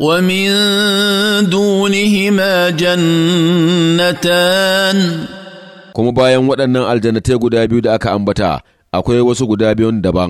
ومن دونهما جنتان kuma bayan waɗannan aljannatai guda biyu da aka ambata akwai wasu guda biyun daban